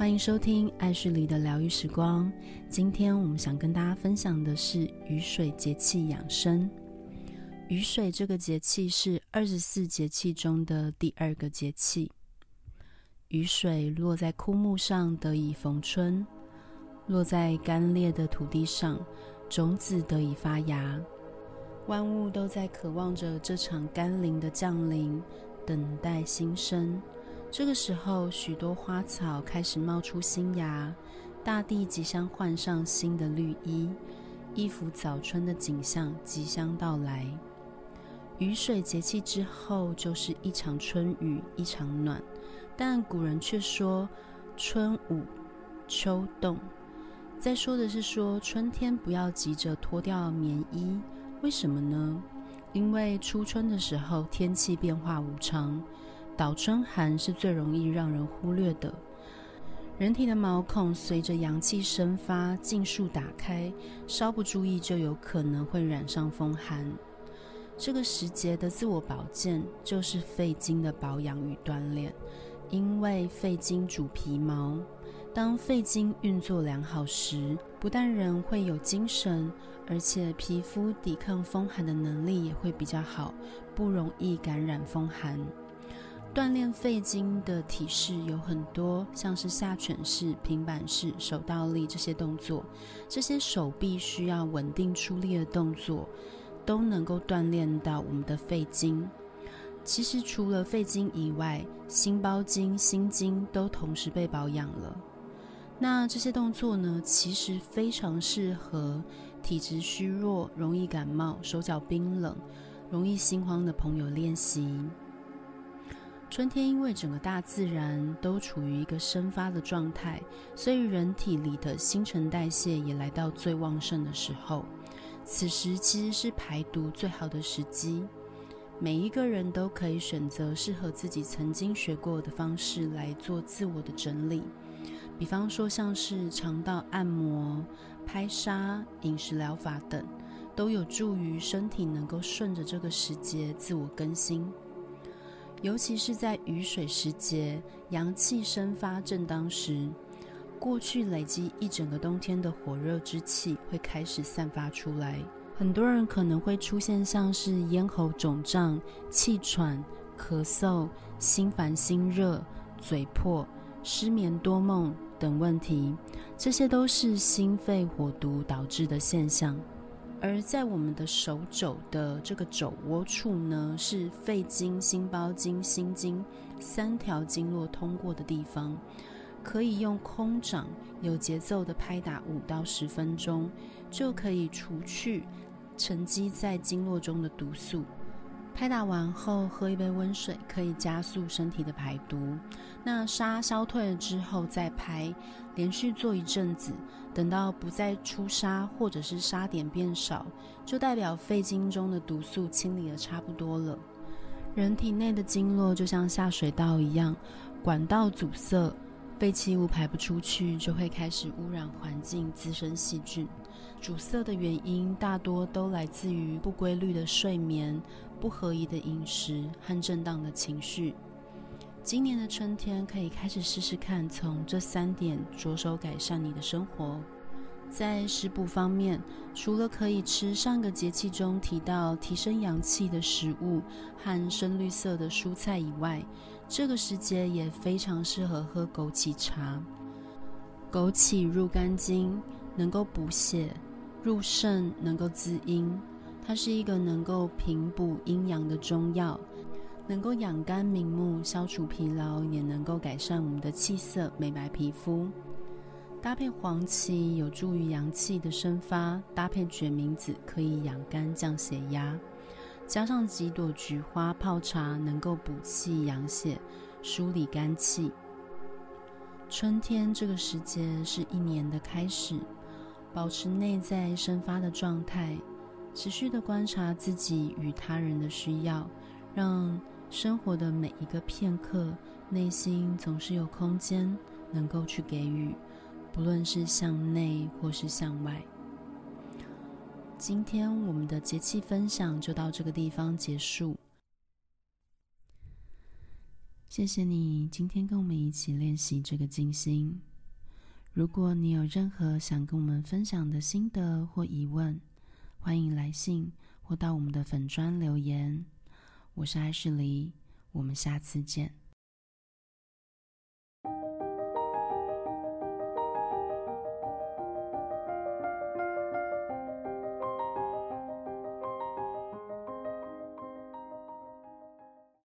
歡迎收聽《愛旭黎的療癒時光》。今天我們想跟大家分享的是雨水節氣養生。雨水這個節氣是二十四節氣中的第二個節氣。雨水落在枯木上，得以逢春；落在乾裂的土地上，種子得以發芽。萬物都在渴望着這場甘霖的降臨，等待新生。這個時候，許多花草開始冒出新芽，大地即將換上新的綠衣，一幅早春的景象即將到來。雨水節氣之後，就是一場春雨一場暖，但古人卻說春午“春捂秋凍”，再說的是說春天不要急着脫掉棉衣。為什麼呢？因為初春的時候，天氣變化無常。倒春寒是最容易讓人忽略的。人體的毛孔隨着陽氣生發盡數打開，稍不注意就有可能會染上風寒。這個時節的自我保健就是肺經的保養與鍛鍊，因為肺經主皮毛。當肺經運作良好時，不但人會有精神，而且皮膚抵抗風寒的能力也會比較好，不容易感染風寒。鍛鍊肺經的體式有很多，像是下犬式、平板式、手倒立這些動作，這些手臂需要穩定出力的動作，都能夠鍛鍊到我們的肺經。其實除了肺經以外，心包經、心經都同時被保養了。那這些動作呢，其實非常適合體質虛弱、容易感冒、手腳冰冷、容易心慌的朋友練習。春天，因為整個大自然都處於一個生發的狀態，所以人體裡的新陳代謝也來到最旺盛的時候。此時其實是排毒最好的時機。每一個人都可以選擇適合自己曾經學過的方式來做自我的整理，比方說像是腸道按摩、拍痧、飲食療法等，都有助於身體能夠順着這個時節自我更新。尤其是在雨水時節，陽氣生發正當時，過去累積一整個冬天的火熱之氣會開始散發出來。很多人可能會出現像是咽喉腫脹、氣喘、咳嗽、心煩心熱、嘴破、失眠多夢等問題，這些都是心肺火毒導致的現象。而在我們的手肘的這個肘窩處呢，是肺經、心包經、心經三條經絡通過的地方，可以用空掌有節奏的拍打五到十分鐘，就可以除去沉積在經絡中的毒素。拍打完後喝一杯溫水，可以加速身體的排毒。那痧消退了之後再拍，連續做一陣子，等到不再出痧或者是痧點變少，就代表肺經中的毒素清理得差不多了。人體內的經絡就像下水道一樣，管道阻塞，廢棄物排不出去，就會開始污染環境、滋生細菌。阻塞的原因大多都來自於不規律的睡眠、不合理的飲食和震盪的情緒。今年的春天，可以開始試試看，從這三點着手改善你的生活。在食補方面，除了可以吃上個節氣中提到提升陽氣的食物和深綠色的蔬菜以外，這個時節也非常適合喝枸杞茶。枸杞入肝經，能夠補血；入腎，能夠滋陰。它是一個能夠平補陰陽的中藥，能夠養肝明目、消除疲勞，也能夠改善我們的氣色、美白皮膚。搭配黃芪有助於陽氣的生發，搭配決明子可以養肝降血壓，加上幾朵菊花泡茶，能夠補氣養血、梳理肝氣。春天這個時節是一年的開始，保持內在生發的狀態，持續的觀察自己與他人的需要，讓生活的每一個片刻，內心總是有空間能夠去給予。不論是向內或是向外，今天我們的節氣分享就到這個地方結束。謝謝你今天跟我們一起練習這個靜心。如果你有任何想跟我們分享的心得或疑問，歡迎來信或到我們的粉專留言。我是愛旭黎，我們下次見。